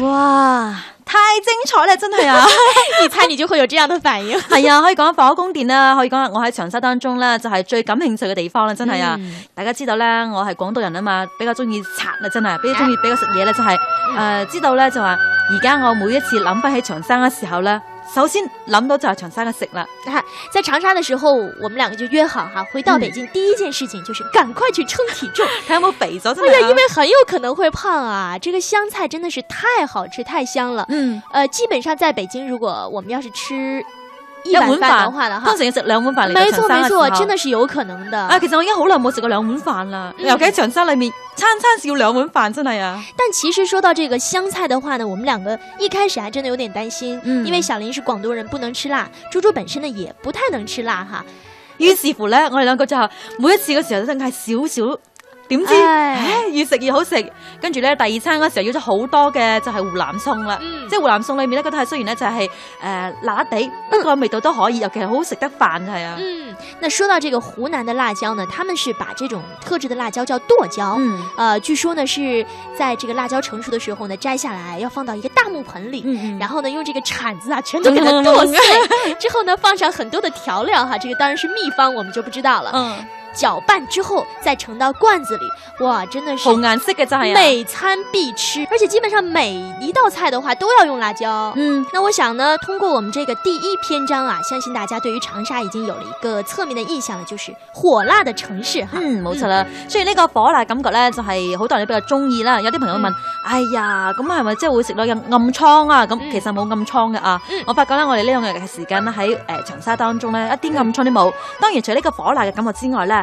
哇！太精彩啦，真係啊，我猜你就會有這樣嘅反應。係 啊，可以講下火宮殿啦、啊，可以講下我喺長沙當中咧，就係、是、最感興趣嘅地方啦，真係啊！嗯、大家知道咧，我係廣東人啊嘛，比較中意拆，啦，真係，比較中意比較食嘢啦，就係、是。誒、呃，知道咧就話，而家我每一次諗翻起長沙嘅時候咧。首先，諗到就係長沙嘅食啦，啊。在長沙的時候，我們兩個就約好哈，回到北京、嗯、第一件事情就是趕快去稱體重，睇， 有冇肥咗。哎呀，因為很有可能會胖啊！這個湘菜真的是太好吃、太香了。嗯，呃，基本上在北京，如果我們要是吃。的話的話一碗飯，通常要食兩碗飯。沒錯沒錯，真的是有可能的啊、哎！其實我已經好耐冇食過兩碗飯啦尤其，嗯、喺長沙裏面，餐餐是要兩碗飯真係啊。但其實說到這個湘菜的話呢，我們兩個一開始還真的有點擔心，嗯，因為小林是廣東人，不能吃辣，豬豬本身呢也不太能吃辣哈。於是乎呢，我哋兩個就每一次嘅時候都嗌少少。點知唉、哎，越食越好食，跟住呢，第二餐嗰時候要咗好多嘅就係湖南餸啦，嗯、即係湖南餸裏面咧嗰套雖然呢就係、是、誒、呃、辣啲，不過味道都可以，嗯、尤其係好食得飯係啊。嗯，那說到這個湖南的辣椒呢，他們是把這種特製的辣椒叫剁椒，啊、嗯呃，據說呢是在這個辣椒成熟的時候呢摘下來，要放到一個大木盆裏，嗯、然後呢用這個鏟子啊全都給它剁碎， 之後呢放上很多的調料哈，這個當然是秘方，我們就不知道了。嗯。攪拌之後再盛到罐子裏，哇，真的是紅顏色的菜呀！每餐必吃，而且基本上每一道菜的話都要用辣椒。嗯，那我想呢，通過我們這個第一篇章啊，相信大家對於長沙已經有了一個側面的印象了，就是火辣的城市哈、啊。嗯，冇錯啦。雖然呢個火辣感覺呢，就係好多人比較中意啦。有啲朋友問：嗯、哎呀，咁係咪即係會食到有暗瘡啊？咁其實冇暗瘡嘅啊。嗯、我發覺呢，我哋呢兩日嘅時間呢，喺誒長沙當中呢，一啲暗瘡都冇。當然，除咗呢個火辣嘅感覺之外呢。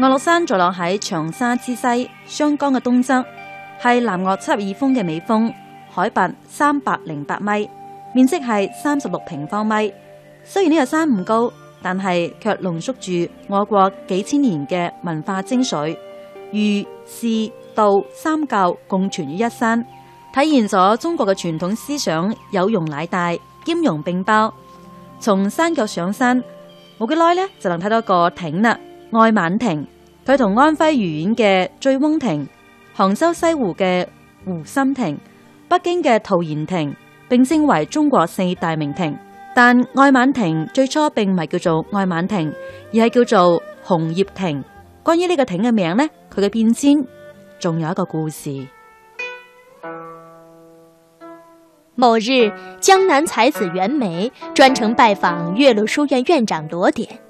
岳麓山坐落喺長沙之西，湘江嘅東側，係南岳七二峰嘅尾峰，海拔三百零八米，面積係三十六平方米。雖然呢個山唔高，但係卻濃縮住我國幾千年嘅文化精髓，儒、釋、道三教共存於一山，體現咗中國嘅傳統思想有容乃大、兼容並包。從山腳上山冇幾耐呢，就能睇到個亭啦。愛晚亭，佢同安徽滁縣嘅醉翁亭、杭州西湖嘅湖心亭、北京嘅陶然亭並稱為中國四大名亭。但愛晚亭最初並唔係叫做愛晚亭，而係叫做紅葉亭。關於呢個亭嘅名呢，佢嘅變遷仲有一個故事。某日，江南才子袁枚專程拜訪岳麓書院院長羅典。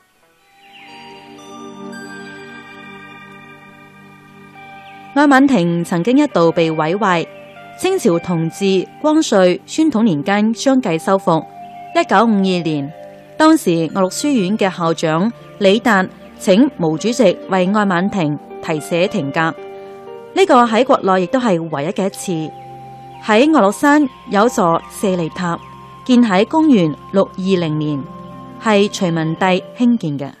愛晚亭曾經一度被毀壞，清朝同治、光緒、宣統年間相繼修復。一九五二年，當時岳麓書院嘅校長李達請毛主席為愛晚亭題寫亭格，呢、這個喺國內亦都係唯一嘅一次。喺岳麓山有座舍利塔，建喺公元六二零年，係隋文帝興建嘅。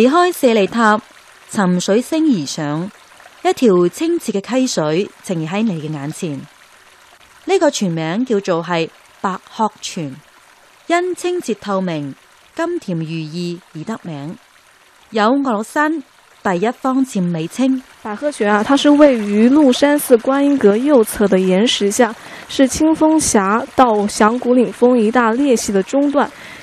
離開捨利塔，尋水星而上，一條清澈嘅溪水呈現喺你嘅眼前。呢、這個全名叫做係白鶴泉，因清澈透明、甘甜如意而得名。有岳山第一方之美稱。白鶴泉啊，它是位於麓山寺觀音閣右側的岩石下，是清風峽到響鼓嶺峰一大裂隙的中段。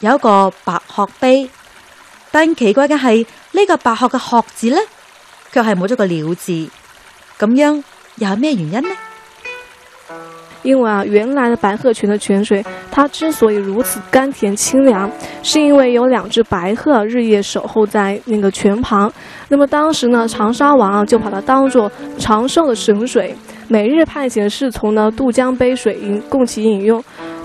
有一個白鶴碑，但奇怪嘅是呢、這個白鶴嘅鶴字呢，卻係冇咗個鳥字，咁樣有咩原因呢？因為啊，原來的白鶴泉的泉水，它之所以如此甘甜清涼，是因為有兩隻白鶴日夜守候在那個泉旁。那麼當時呢，長沙王、啊、就把它當作長壽的神水，每日派遣侍從呢渡江杯水供其飲用。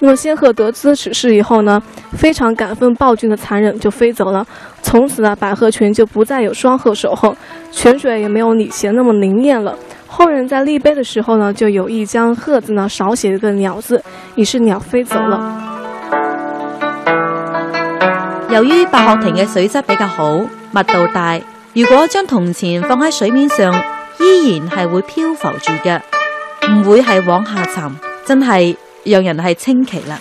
那麼仙鶴得知此事以後呢，非常感憤暴君的殘忍，就飛走了。從此啊，白鶴泉就不再有雙鶴守候，泉水也沒有以前那麼靈驗了。後人在立碑的時候呢，就有意將鶴“鶴”字呢少寫一個“鳥”字，於是鳥飛走了。由於白鶴亭嘅水質比較好，密度大，如果將銅錢放喺水面上，依然係會漂浮住嘅，唔會係往下沉，真係。讓人係稱奇了。